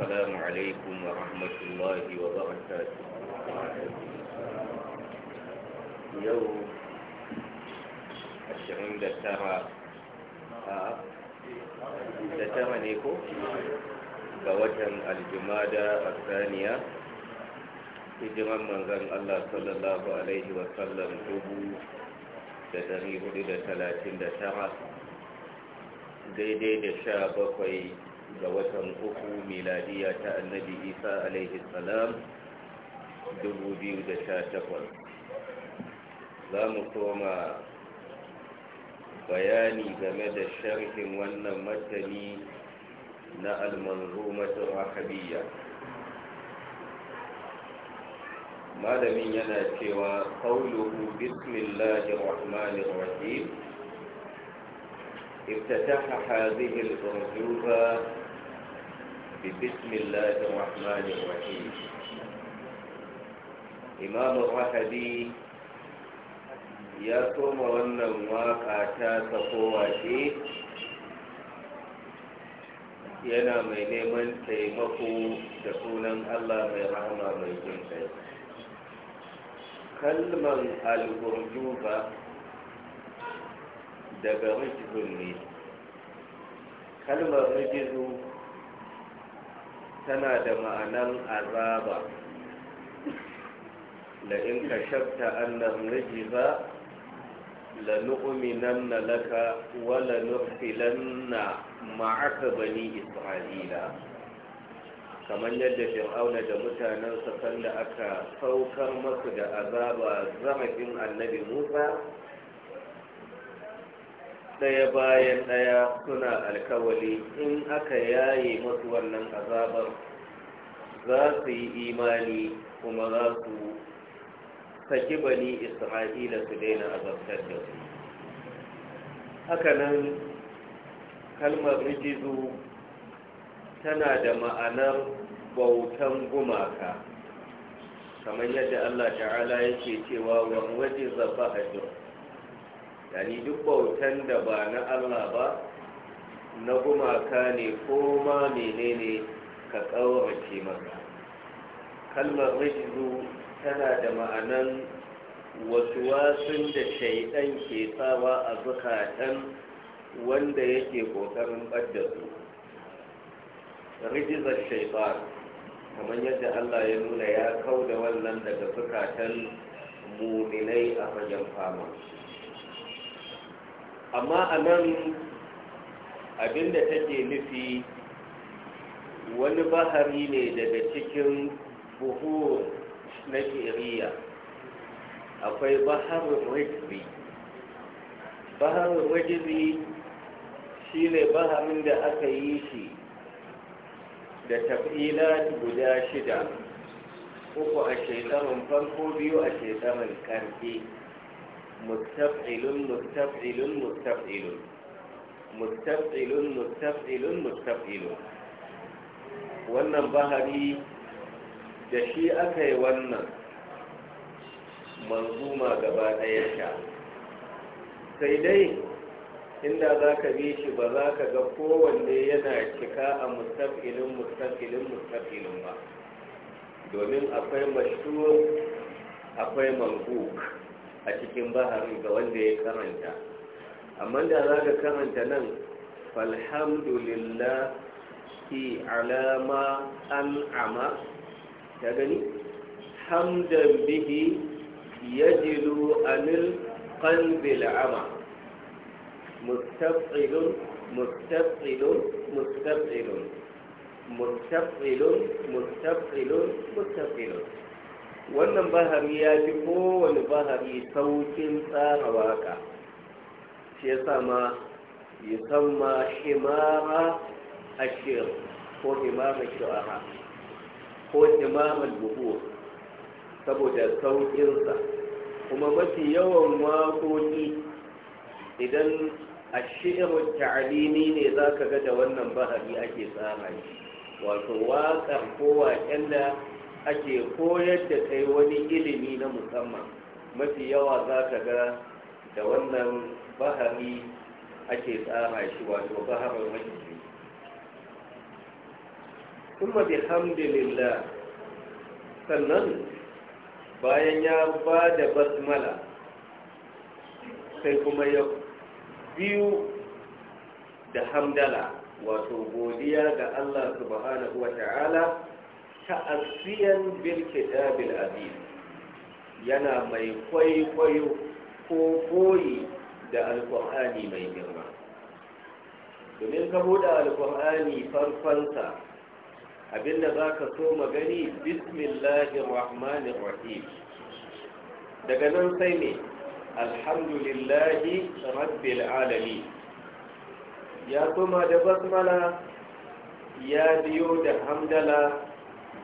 السلام عليكم ورحمة الله وبركاته يوم الشرين دترى دترى نيكو كوجن الجمادة الثانية hijiran manzan Allah sallallahu Alaihi wasallam dubu da dari hudu da talatin da tara daidai da sha bakwai جواتن أخو ميلادية النبي إيسا عليه السلام دبودي ودشا شفر لا مطوما بياني جمد الشرح وانا نا المنظومة الرحبية ما من ينا سوى قوله بسم الله الرحمن الرحيم افتتح هذه الأرجوبة بسم الله الرحمن الرحيم إمام الرحبي ya soma wannan waka ta sakowa ce yana mai neman taimako da sunan allah mai rahama mai jin kai kalman alburjuba daga rijizun ne kalmar rijizu tana da ma'anan azaba in ka shafta annan rijiza لنؤمنن لك ولنرسلن معك بني إسرائيل kamar yadda fir'auna da mutanensa sanda aka saukar masu da azaba zarafin annabi musa ɗaya bayan ɗaya suna alkawali in aka yaye masu wannan azabar za su yi imani kuma za su saki bani isra'ila su daina azabtar da su hakanan kalmar rijizu tana da ma'anar bautan gumaka kamar yadda allah ta'ala yake cewa wani waje zafa a jirgin yani duk bautan da ba na Allah ba na gumaka ne ko ma menene ka tsawarce maka kalmar rijizu tana da ma'anan wasu wasun da shaidan ke tsawa a zukatan wanda yake kokarin ɓadda su rijizar shaitan kamar yadda allah ya nuna ya kau wannan daga zukatan muminai a fagen fama amma a nan abinda take nufi wani bahari ne daga cikin buhu na shiriya akwai baharin rikibi baharin rikibi shi ne baharin da aka yi shi da tafila guda shida uku a shekarun farko biyu a shekarun karfe mustaf'ilun mustaf'ilun mustaf'ilun mustaf'ilun mustaf'ilun mustaf'ilun wannan bahari da shi aka yi wannan manzuma gaba ɗaya sha sai dai inda za ka bi shi ba za ka ga kowanne yana cika a mustaf'ilin mustaf'ilin mustaf'ilin ba domin akwai mashhur akwai manzuk a cikin baharin ga wanda ya karanta amma da za ka karanta nan falhamdulillah ki alama al'ama ta gani hamdan bihi yajilu anil qalbil ama mustaqilun mustaqilun mustaqilun mustaqilun mustaqilun mustaqilun wannan bahari ya fi kowane bahari saukin tsara waka shi ya sama yi sama a ashir ko shimara shi'ara ko shimara buhu saboda saukinsa kuma mafi yawan waƙoƙi idan a shi'irun ta'alimi ne za ka ga da wannan bahari ake tsara wato waƙar ko waƙen da ake koyar da kai wani ilimi na musamman mafi yawa za ka ga da wannan bahari ake tsara shi wato baharar mahimmi kuma bihamdulillah sannan bayan ya ba da basmala sai kuma ya biyu da hamdala wato godiya ga allah subhanahu wa ta'ala muta'assiyan bil kitabil yana mai kwaikwayo ko koyi da alkur'ani mai girma domin ka buɗe alkur'ani farkonsa abinda za ka so magani bismillahir rahmanir rahim daga nan sai ne alhamdulillahi rabbil alamin ya kuma da basmala ya biyo da hamdala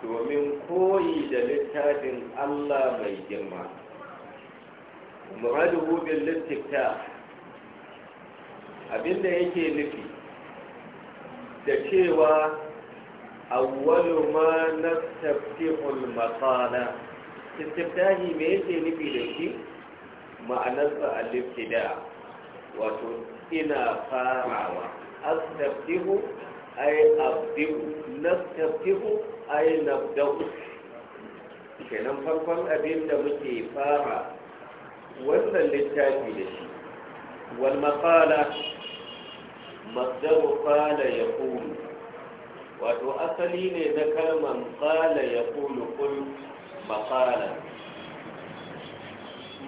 domin koyi da littafin Allah mai girma muradu bin littafta abinda yake nufi da cewa awwalu ma tafihun matsala. istiftahi mai yake nufi da shi ma'anarsa al da wato ina farawa tafihun ai abdu nastaftihu ai nabda'u kenan farkon abin da muke fara wannan littafi da shi wal maqala masdaru qala yaqulu wato asali ne na kalman qala yaqulu qul maqala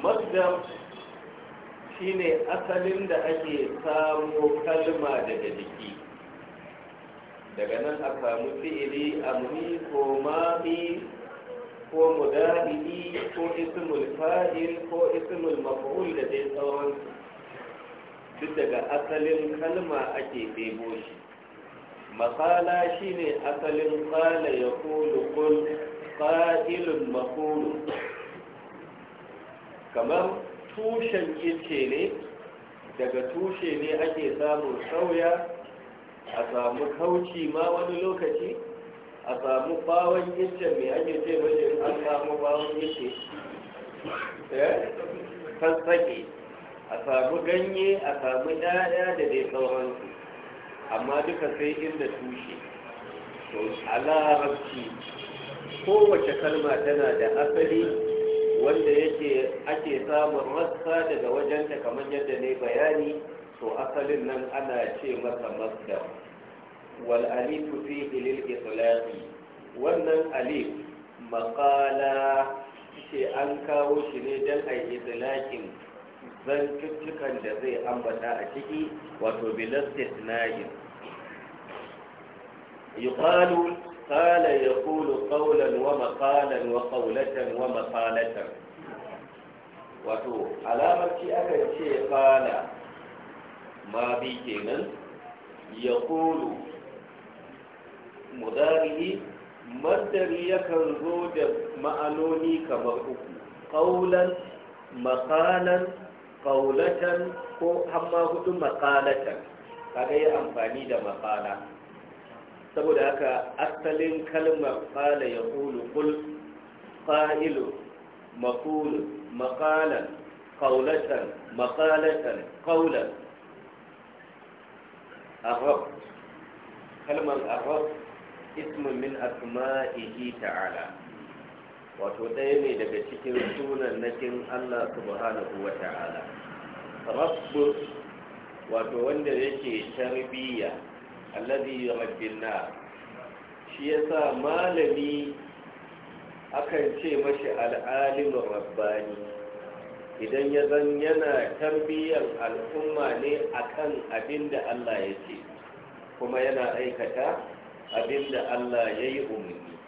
masdar shine asalin da ake samo kalma daga jiki daga nan a samu fi'ili amri ko mami ko mudahili ko ismul fa'il ko ismul maf'ul da dai tsawon duk daga asalin kalma ake ɗebo shi makala shine asalin kala ya kulu kul fa'ilun kamar tushen yace ne daga tushe ne ake samun sauya a samu kauci ma wani lokaci a samu bawon iccen mai ake ce mace an samu bawon kan eh? sake a samu ganye a samu ɗaya da dai sauransu amma duka sai inda tushe to a kowace kalma tana da asali wanda yake ake samun rassa daga wajenta kamar yadda ne bayani to asalin nan ana ce masa masdar wal alifu fi lil itlaqi wannan alif maqala ce an kawo shi ne dan ai itlaqin zantuttukan da zai ambata a ciki wato bilastis nayin yuqalu qala yaqulu qawlan wa maqalan wa qawlatan wa maqalatan wato alamar ci aka ce qala babi kenan ya kuru mu yakan zo da ma'anoni kamar uku kaunan makanan kaunatan ko hamma hudu makanatan kada amfani da makana saboda haka asalin kalmar kala ya kuru kul fa'ilu makulu makanan kaunatan makanatan kaunatan الرب كلمة الرب اسم من أسمائه تعالى وتدين لبشك رسولا نكن الله سبحانه وتعالى رب وتوند يكي تربية الذي يربي الناس شيسا مالني akan ce mashi al'alimin rabbani idan ya zan yana tarbiyyar al'umma ne akan abin da Allah ya ce kuma yana aikata abin da Allah ya yi umarni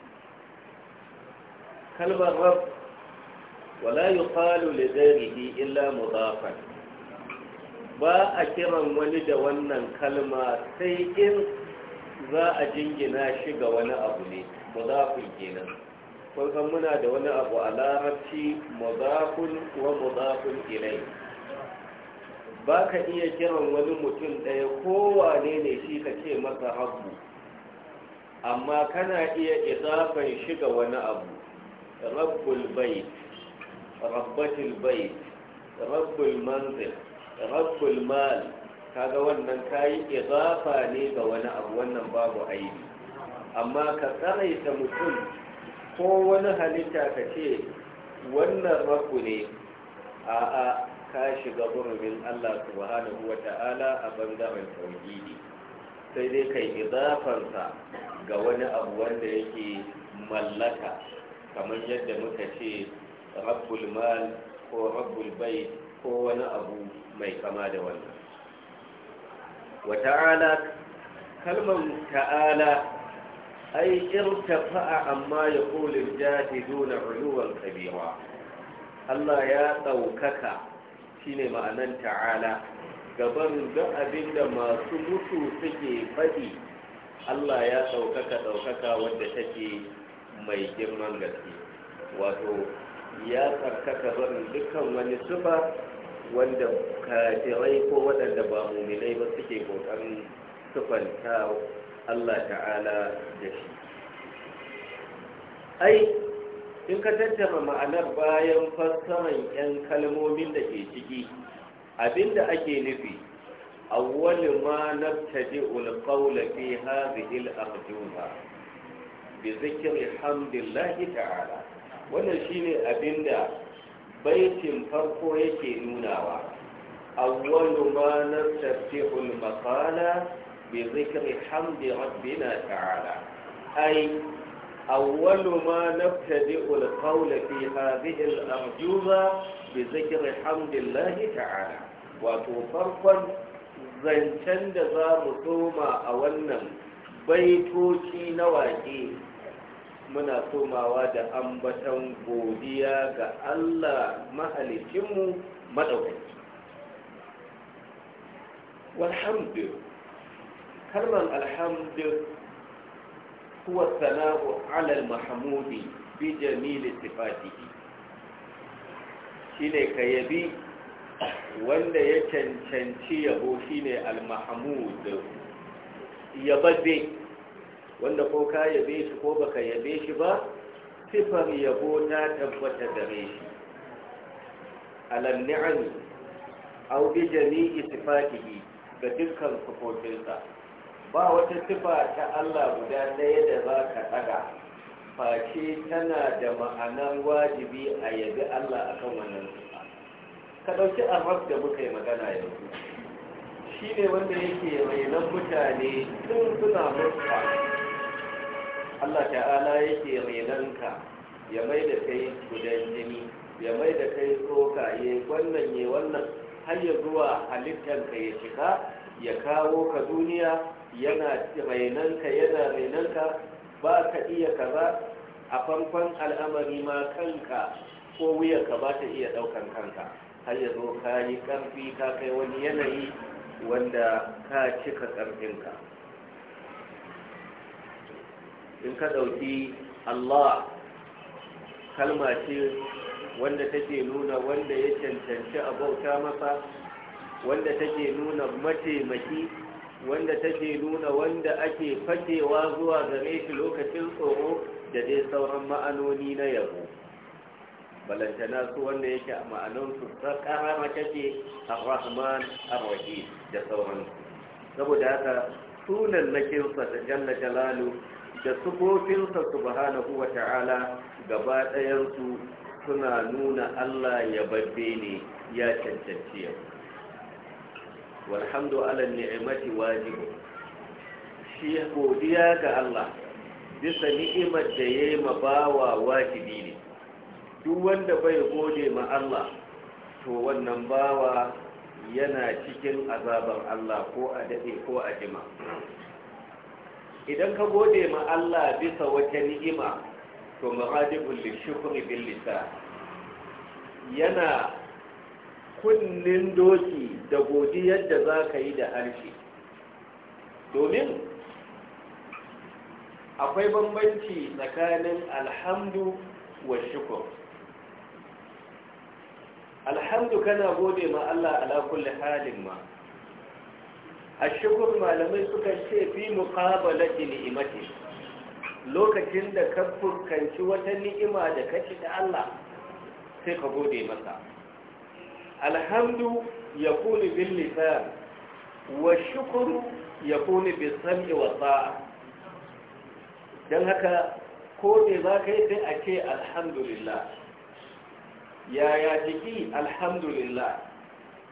kalmar rab wala yi falu da zarihi illa mudafan ba a kiran wani da wannan kalma sai in za a jingina shi ga wani abu ne muzafin kenan kun san muna da wani abu a larabci mudafun wa mudafun ilai ba ka iya kiran wani mutum ɗaya kowane ne shi ka ce masa habu amma kana iya idafan shiga wani abu rabbul bait rabbatul bait rabbul manzil rabbul mal kaga wannan kayi izafa ne ga wani abu wannan babu aibi amma ka tsaraita mutum ko wani halitta ka ce wannan raku ne a a ka shiga gurbin Allah subhanahu wa ta'ala a bangaren tauhidi sai dai kai idafansa ga wani abu wanda yake mallaka kamar yadda muka ce rabbul mal ko rabbul bai ko wani abu mai kama da wannan wa ta'ala kalmar ta'ala ai irtafa'a amma ya kulin jahiduna uluwal kabira Allah ya ɗaukaka shine ma'anan ta'ala gaban ga abinda masu mutu suke faɗi Allah ya ɗaukaka ɗaukaka wanda take mai girman gaske wato ya tsarkaka barin dukkan wani suba wanda kafirai ko waɗanda ba muminai ba suke ƙoƙarin sufanta Allah ta'ala da shi. Ai, in ka tattara ma'anar bayan fassarar 'yan kalmomin da ke ciki, abin da ake nufi, awwalin ma na taji ulkaula fi hazihil abduna bi zikir hamdillahi ta'ala. Wannan shi ne baitin farko yake nunawa. awwalu ma na taji ulmakala بذكر حمد ربنا تعالى أي أول ما نبتدئ القول في هذه الأرجوزة بذكر حمد الله تعالى وتفرقا zancen da za mu soma a wannan baitoci na waƙe muna somawa da ambatan godiya ga Allah mahalicinmu maɗaukaki. walhamdulillah kalmar alhamdu huwa sana'u alal mahamudi bi jamili sifatihi shine ka yabi wanda ya cancanci yabo shine al-mahmud yababe wanda ko ka yabe shi ko baka yabe shi ba sifar yabo ta tabbata gare shi alal ni'am aw bi jami'i sifatihi ga dukkan sifofinsa ba wata tufa ta Allah guda ɗaya da za ka ɗaga face tana da ma'anar wajibi a yabi Allah akan wannan sifa ka ɗauki arhaf da muka yi magana yanzu shi ne wanda yake rainon mutane tun suna mutuwa Allah ta'ala yake rainon ka ya mai da kai gudan jini ya mai da kai tsoka ya wannan ya wannan har ya zuwa halittanka ya shiga ya kawo ka duniya yana rainanka yana rainanka ba ka iya kaza a farkon al'amari ma kanka ko ka ba ta iya ɗaukan kanka har ya zo ka yi ƙarfi ka kai wani yanayi wanda ka cika ka in ka ɗauki allah kalma ce wanda take nuna wanda ya cancanci a bauta masa wanda take nuna mataimaki wanda take nuna wanda ake fakewa zuwa game shi lokacin tsoro da dai sauran ma'anoni na yabo balantana su wanda yake a ma'anonsu ta karama take a rahman ar da sauransu saboda haka sunan kinsa da jalla jalalu da sufofinsa subhanahu wa ta'ala gaba ɗayansu suna nuna allah ya babbe ne ya cancanci yau walhamdu ala ni'imati wajibu shi godiya ga Allah bisa ni'imar da ya yi ma bawa wajibi ne duk wanda bai gode ma Allah to wannan bawa yana cikin azabar Allah ko a daɗe ko a jima idan ka gode ma Allah bisa wata ni'ima to maradibul lishukri bil lisan yana kunnin doki da godi yadda za ka yi da harshe domin akwai bambanci tsakanin alhamdu wa shukur alhamdu kana gode ma Allah ala kulli halin ma A ashukur malamai suka ce fi muqabalati ni'imati lokacin da ka fuskanci wata ni'ima da kace da Allah sai ka gode masa alhamdu يكون باللسان والشكر يكون بالسمع والطاعة dan haka ko ne za ka yi sai ake? ce alhamdulillah yaya jiki alhamdulillah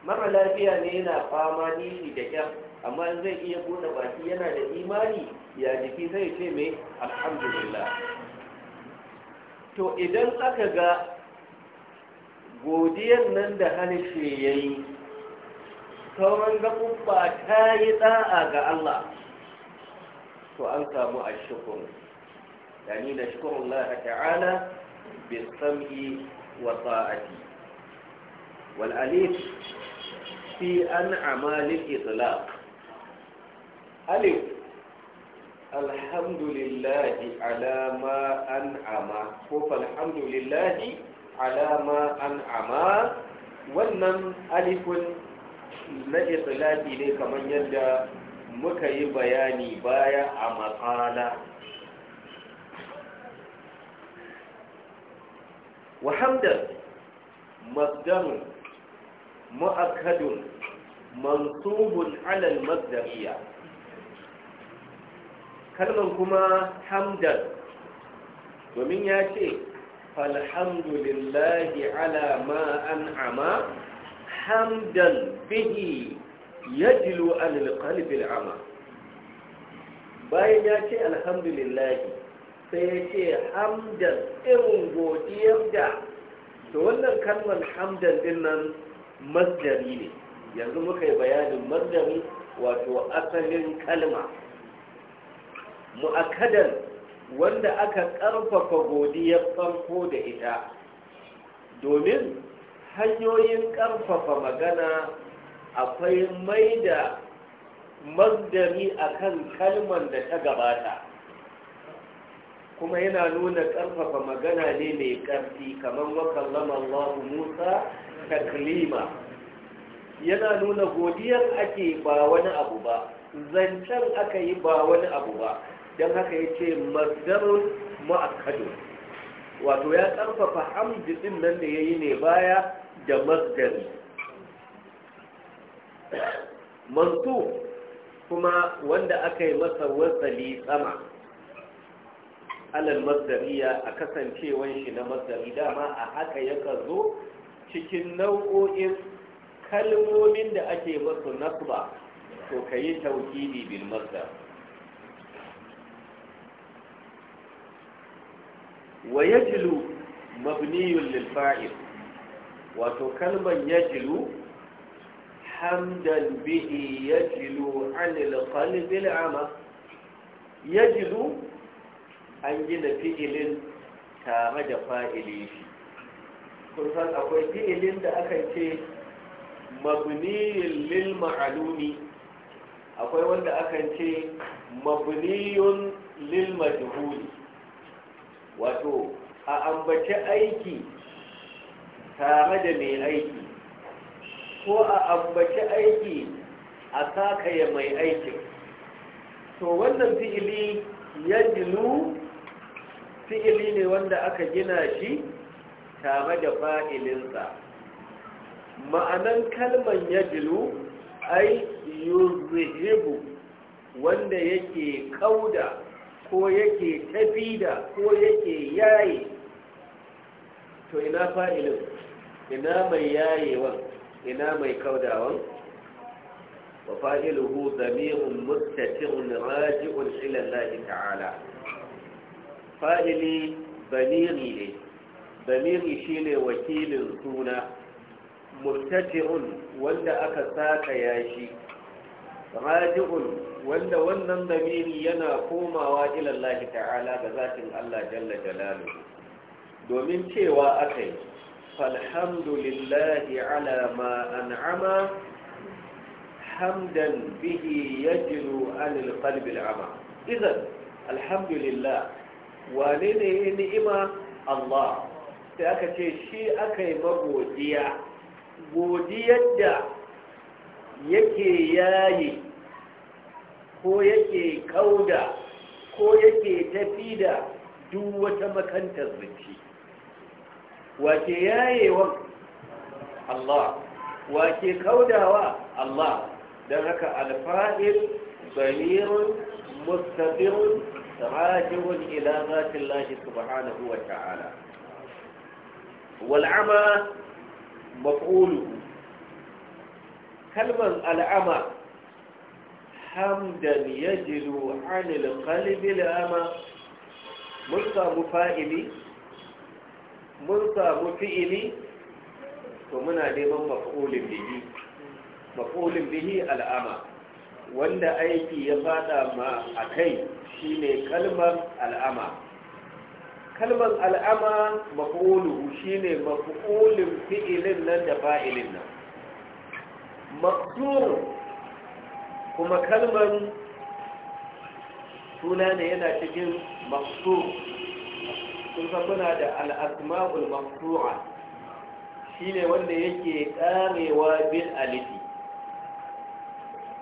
mara lafiya ne yana fama shi da kyar amma zai iya buɗe baki yana da imani ya jiki zai ce mai alhamdulillah to idan aka ga godiyar nan da shi ya yi كمن قبب كايتا أجا الله وأنت مو يعني نشكر الله تعالى بالسمع وطاعتي والأليف في أنعم الإطلاق ألف الحمد لله على ما أنعم فوف الحمد لله على ما أنعم ولم ألف na islati ne kamar yadda muka yi bayani baya a matsala wahamdar masdarun mu'akkadun mansubun alal masdariya kalmar kuma hamdar domin ya ce falhamdulillahi ala ma an'ama hamdan bihi yajlu anil qalbi al'ama bayan ya ce alhamdulillah sai ya ce hamdan irin godiyar da to wannan kalmar hamdan din nan masdari ne yanzu muka yi bayanin masdari wato asalin kalma mu'akkadan wanda aka karfafa godiyar farko da ita domin hanyoyin ƙarfafa magana akwai mai da magdari kan kalman da ta gabata kuma yana nuna ƙarfafa magana ne mai ƙarfi kamar wakallama Allah Musa klima yana nuna godiyar ake ba wani abu ba zancen aka yi ba wani abu ba don haka ya ce mazdarun mu'akkadun wato ya ƙarfafa hamdi ɗin nan da ya yi ne baya da masgari. mantu kuma wanda aka yi masa wasali sama alal masariya a kasancewan shi na masari dama a haka yaka zo cikin nau'o'in kalmomin da ake masu nasba to ka yi taukili bil masdar wa yajlu mabniyun lil fa'il wato kalmar yajilu hamdan bihi yajilu anil qalbil ama yajilu an gina fi'ilin tare da fa'ili shi kun akwai fi'ilin da aka ce mabniyin lil ma'alumi akwai wanda aka ce mabniyun lil majhuli wato a ambaci aiki tare da mai aiki ko a ambaci aiki a sakaye mai aikin to wannan fi'ili ya fi'ili ne wanda aka gina shi tare da fa'ilinsa ma'anan kalman ya jilu ai yuzhibu wanda yake kauda ko yake tafi ko yake yayi to ina fa'ilin ina mai yayewan ina mai kaudawan wa fa'iluhu zamirun muttatin raji'un ila Allah ta'ala fa'ili zamiri ne zamiri shine wakilin suna muttatin wanda aka saka yashi raji'un wanda wannan zamiri yana komawa ila Allah ta'ala ga zatin Allah jalla jalaluhu domin cewa akai فالحمد لله على ما أنعم حمدا به يجلو عن القلب العمى إذا الحمد لله ولنه نئمة الله سأكتي شيء أكيما بوديا بوديا دا يكي ياي ko yake kauda ko yake tafi da duk wata makantar zuci wake yayewa Allah wake kaudawa Allah don haka alfa'il bamirun mustaqirun rajihun ila zatin lahi subhanahu wa ta'ala wal'ama maf'ulu kalmar al'ama hamdan yajilu anil qalbi al'ama mun samu fa'ili mun samu fi'ili to muna neman maf'ulin bihi maf'ulin bihi al'ama wanda aiki ya fada ma a kai shine kalmar al'ama kalmar al'ama maf'uluhu shine maf'ulin fi'ilin nan da fa'ilin nan maqdur kuma kalmar suna ne yana cikin maqdur kun san muna da al'asma'ul shi shine wanda yake karewa bil alifi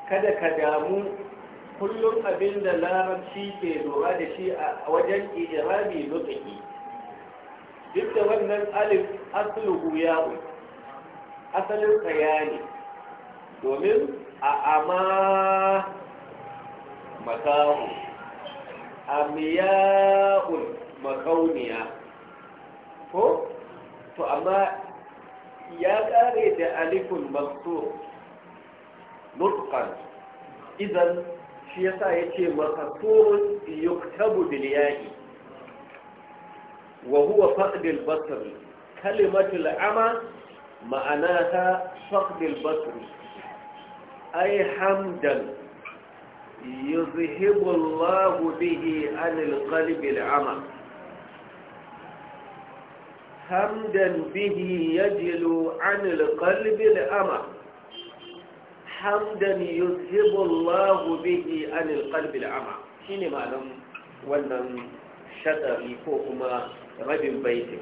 kada ka damu kullum abin da larabci ke lura da shi a wajen irabi nutsaki duk da wannan alif asluhu yawo asalin tsaya ne domin a ama makamu amiya'un makauniya ko to amma ya kare da alifun makso nutqan idan shi yasa yace makasurun yuktabu bil ya'i wa huwa faqd al basr kalimatu al ama ma'anaha faqd al basr ay hamdan يذهب الله حمدا به يجلو عن القلب الأمى حمدا يذهب الله به عن القلب الأمى شين معنى wannan shaɗari ko kuma rabin baitin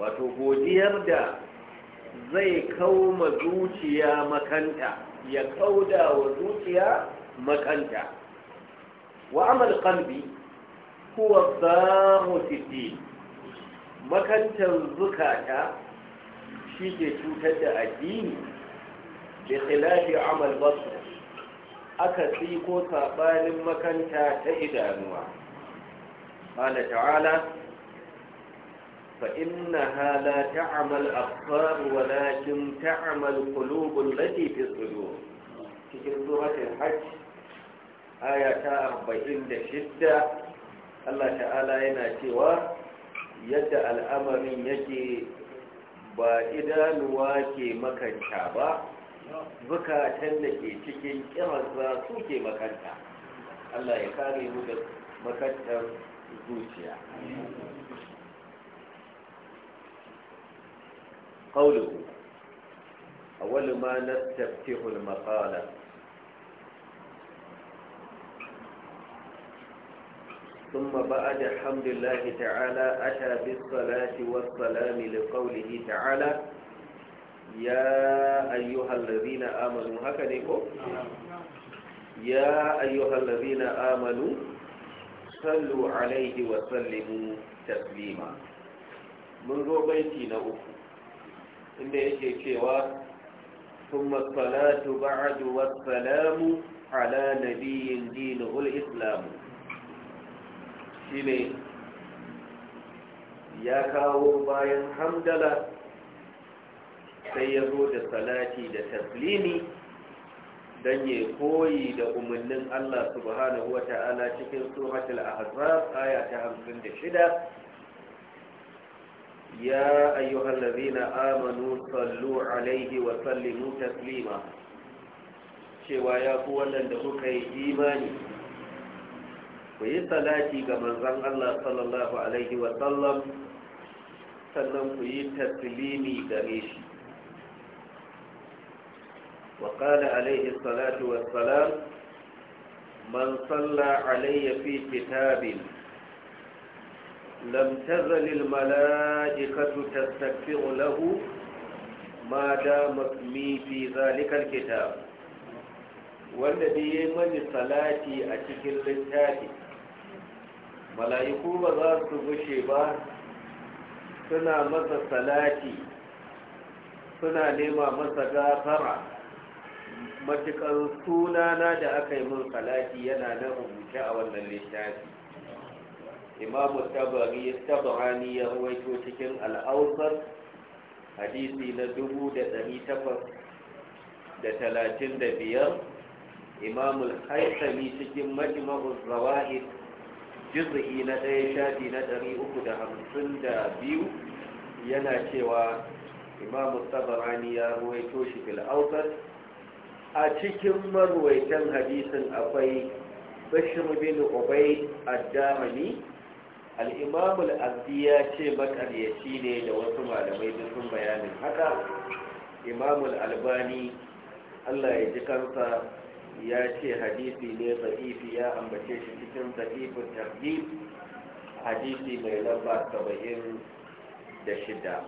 wato godiyar da zai ma zuciya makanta ya kauda wa zuciya makanta wa amal kalbi huwa ba mu siti makantar zukata shi ke cutar da addini da tsilashi amal basu aka tsiko saɓanin makanta ta idanuwa ƙala ta'ala fa'inna hala ta'amal afsaru wa lakin ta'amal kulubun lati fi tsiro cikin zuwa hajj aya ta arba'in da 46 Allah ta'ala yana cewa yadda al'amarin yake ba idanuwa ke makanta ba zukatan da ke cikin kiransa su ke makanta Allah ya kare mu da makantar zuciya قوله أول ما نستفتح المقالة ثم بعد حمد الله تعالى أتى بالصلاة والسلام لقوله تعالى يا أيها الذين آمنوا هكذا يا أيها الذين آمنوا صلوا عليه وسلموا تسليما من ربيتي نوف إن يشي شوى ثم الصلاة بعد والسلام على نبي دينه الإسلام shine ya kawo bayan hamdala sai ya zo da salati da taslimi don ya koyi da umarnin Allah subhanahu wa ta'ala cikin suratul ahzab aya ta shida, ya ayyuhal ladhina amanu sallu alaihi wa sallimu taslima cewa ya ku wannan da kuka yi imani ku yi salati ga manzan Allah sallallahu Alaihi wasallam sannan ku yi taslimi gare shi wa qala alaihi salatu wassalam man salla alayya fi kitabin lam tazal al malaikatu tastaghfiru lahu ma dama mi fi zalika al kitab wanda bi yayi mani salati a cikin littafi mala'iku ba za su gushe ba suna masa salati suna nema masa gafara matukar sunana da aka yi mun salati yana na rubuce a wannan littafi imamu tabari tabarani ya ruwaito cikin al'ausar hadisi na dubu da ɗari takwas da talatin da biyar imamul haisami cikin majma'ul zawahid juz'i na ɗaya shafi na ɗari uku da hamsin da biyu yana cewa imam tabarani ya ruwaito shi fil a cikin marwaitan hadisin akwai bashir bin ubayd damani al-imam al ya ce makaryaci ne da wasu malamai da sun bayanin haka imam al-albani Allah ya ji kansa ya ce hadisi ne zafifi ya ambace shi cikin zafifin tafi hadisi mai lamba saba'in da shida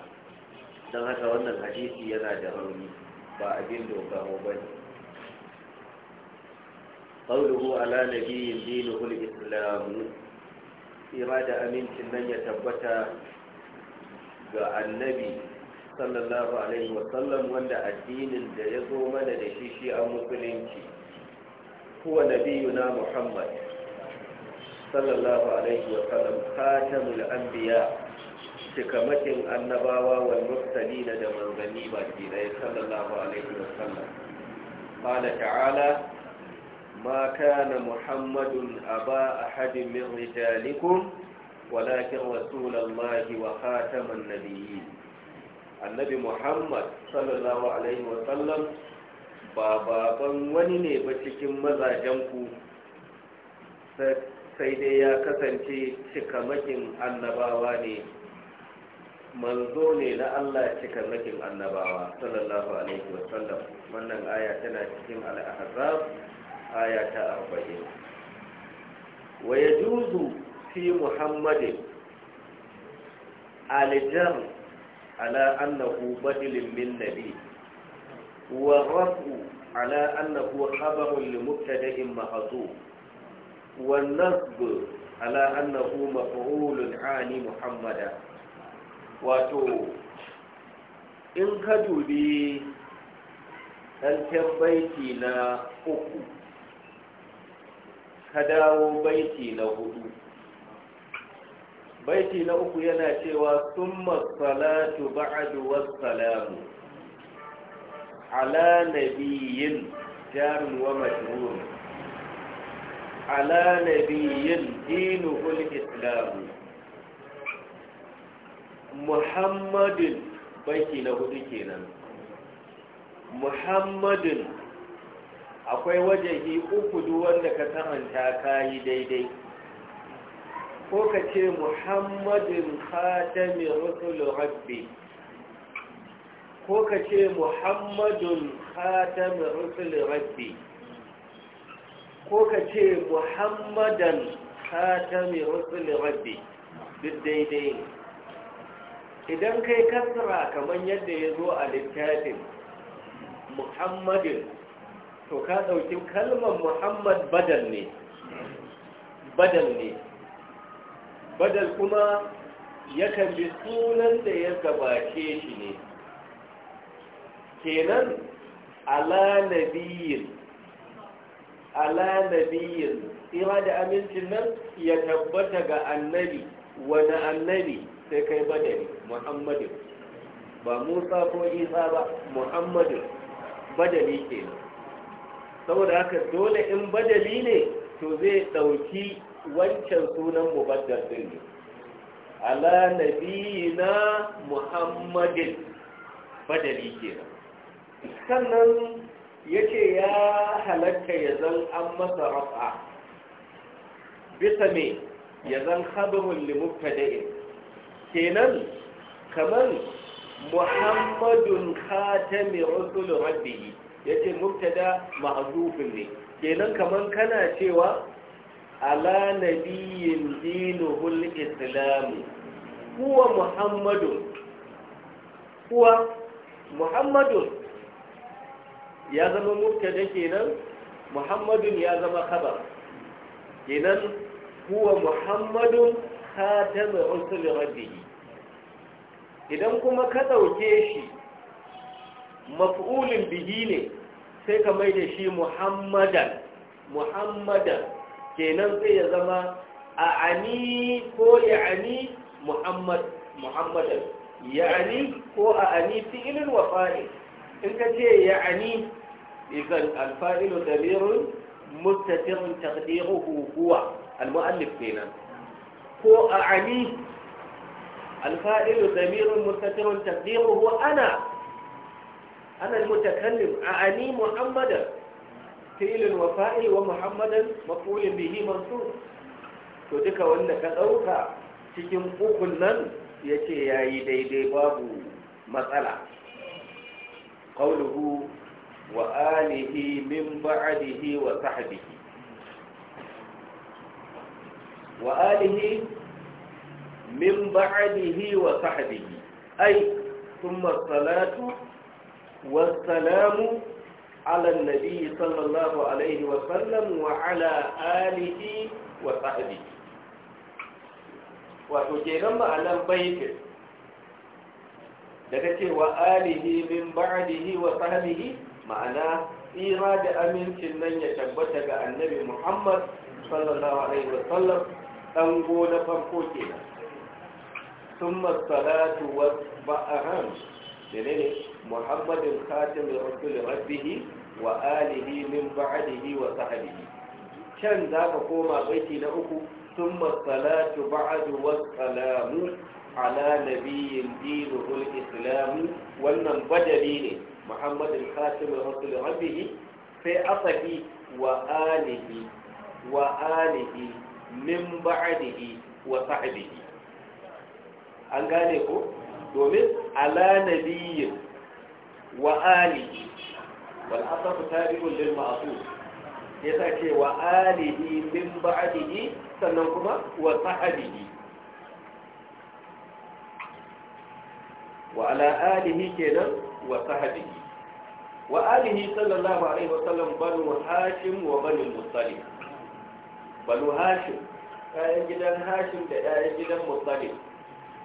don haka wannan hadisi yana da rauni ba abin doka mu ba ne ƙauluhu ala nabiyin dinuhul islamu da amincin nan ya tabbata ga annabi sallallahu alaihi wasallam wanda addinin da ya zo mana da shi shi a musulunci هو نبينا محمد صلى الله عليه وسلم خاتم الأنبياء cikamakin annabawa wal mursalina da manzanni baki dai sallallahu alaihi wa sallam. qala ta'ala ma kana muhammadun aba ahadin min rijalikum walakin rasulullahi wa khataman nabiyyin annabi muhammad sallallahu alaihi wa sallam. ba baban wani ne ba cikin mazajenku sai dai ya kasance cikamakin annabawa ne manzo ne na Allah cikamakin annabawa sallallahu alaihi wasallam wannan aya tana cikin al'ahzab aya ta arba'in. wa yajuzu fi muhammadin aljam ala annahu badilin min nabi والرفع على أنه خبر لمبتدأ محذوف والنصب على أنه مفعول عن محمدا wato in ka dubi ɗanken baiti na uku ka dawo baiti na huɗu. baiti na uku yana cewa sun salatu ba'adu wasu salamu على نبي جار ومجرور على نبي دينه الإسلام محمد na له kenan. محمد akwai wajahi uku duk wanda ka karanta kayi daidai ko ka ce muhammadin khatami rusul rabbi ko ka ce muhammadun khatam rusul rabbi ko ka ce muhammadan khatam rusul rabbi duk daidai ne idan kai kasra kamar yadda ya zo a littafin muhammadin to ka ɗauki kalmar muhammad badal ne badal ne badal kuma yakan bi sunan da ya gabace shi ne kenan ala nabiyin ala nabiyin da amincin nan ya tabbata ga annabi wani annabi sai kai badari muhammadin ba musa ko isa ba muhammadin badali kenan saboda haka dole in badali ne to zai ɗauki wancan sunan mubaddar din ne ala nabiyina muhammadin badali kenan sannan ya ce ya halatta ya zan an masa rafa bisa me ya zan da yin kenan kamar muhammadun khatami rasul ya ce mubtada mahzufun ne kenan kamar kana cewa ala nabiyyin dinuhul islam huwa muhammadun kuwa muhammadun ya zama da kenan muhammadun ya zama khabar kenan huwa muhammadun khatamu rusul rabbih idan kuma ka dauke shi maf'ulin bihi ne sai ka mai da shi muhammadan muhammadan kenan sai ya zama a'ani ko ya'ani muhammad muhammadan ya'ani ko a'ani fi'ilin wa fa'il in ka ce ya'ani idan alfa'ilu damirun mustatirun taqdiruhu huwa almuallif kenan ko a'ani alfa'ilu damirun mustatirun taqdiruhu ana ana almutakallim a'ani muhammadan fi'il wa fa'il wa muhammadan maf'ulun bihi mansub to duka wanda ka ɗauka cikin ukun nan yace yayi daidai babu matsala qawluhu wa alihi min ba'dihi wa sahbihi wa alihi min ba'dihi wa sahbihi على النبي صلى الله عليه وسلم وعلى آله وصحبه wato kenan ma'anan baitin daga cewa alihi min wa ma'ana tsira da amincin nan ya tabbata ga annabi muhammad sallallahu alaihi wasallam dan na farko kenan summa salatu wa ba'ahan menene muhammadin khatim rasul rabbih wa alihi min ba'dihi wa sahbihi can ka koma baiti na uku summa salatu ba'du wa salamu ala nabiyyin dinul islamu. wannan badali ne muhammadin khatimul rasul rabbihi sai asafi wa alihi wa alihi min ba'dihi wa an gane ko domin ala nabiyyin wa alihi wal asafu tabi'un lil ma'suf yasa ce wa min sannan kuma kenan wa wa alihi sallallahu alaihi wasallam banu hashim wa banu musallim banu hashim kayan gidan hashim da yayan gidan musallim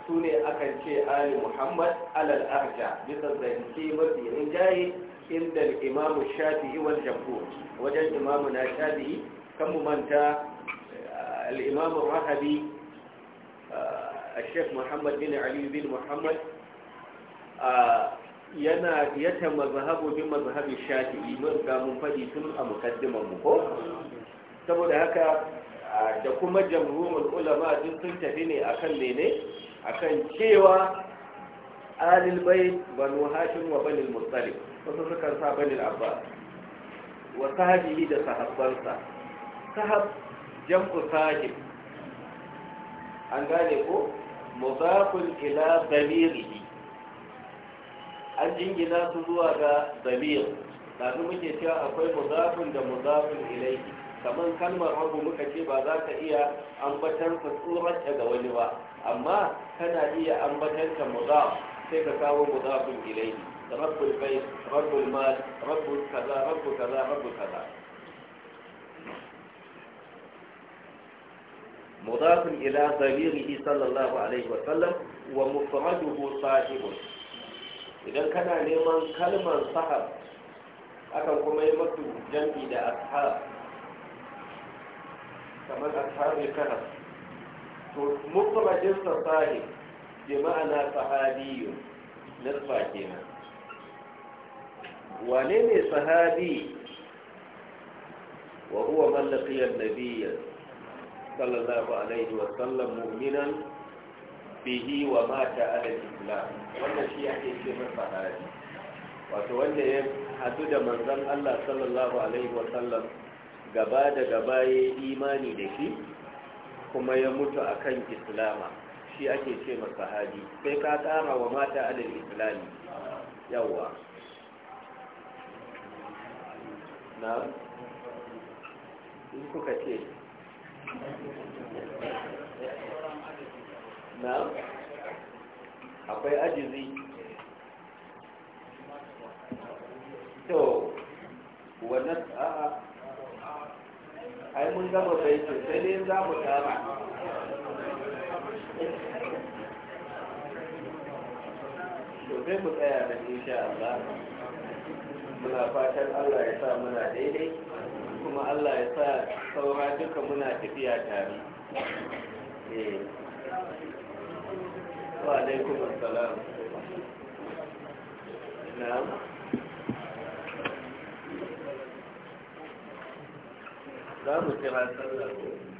su ne akan ce ali muhammad alal arja bisa zance mafi rinjaye inda imamu shafi'i wal jamhur wajen imamu na shafi'i kan mu manta eh, al-imamu rahabi الشيخ محمد بن علي بن محمد آه yana yata mazhabu bin mazhabin shafi'i mun ga mun fadi tun a mukaddimar mu ko saboda haka da kuma jamhurul ulama din sun tafi ne akan mene akan cewa alil bayt banu hashim wa banil muttalib wasu suka sa banil abbas wa sahabihi da sahabbansa sahab jam'u sahib an gane ko mudafun ila zamirihi an jingina su zuwa ga zamir kafin muke cewa akwai muzafin da muzafin ilai kamar kalmar hagu muka ce ba za ka iya ambatar ka tsoronta ga wani ba amma kana iya ambatar ka muzaf sai ka kawo muzafin ilai rabbul bai rabbul mal rabbul kaza rabbul kaza rabbul kaza مضاف إلى ضميره صلى الله عليه وسلم ومفرده صاحب idan kana neman kalmar sahab akan kuma yi mutu jam'i da ashab kamar ashabi kana to mutumajin sahabi bi ma'ana sahabiyu na kenan wane ne sahabi wa huwa man nabiya sallallahu alaihi wasallam mu'minan bihi wa mata ala jibla wannan shi ake ce masa haraji wato wanda ya hadu da manzon Allah sallallahu alaihi wa sallam gaba da gaba ya imani da shi kuma ya mutu akan islama shi ake ce masa hadi sai ka kara wa mata ala islami yawa na in kuka ce akwai ajizi to wannan a'a ai mun gama bai ce sai dai za mu tsara. to sai mu tsaya da insha Allah muna fatan Allah ya sa muna daidai kuma Allah ya sa saura duka muna tafiya tare eh وعليكم السلام نعم لا مكرا سلام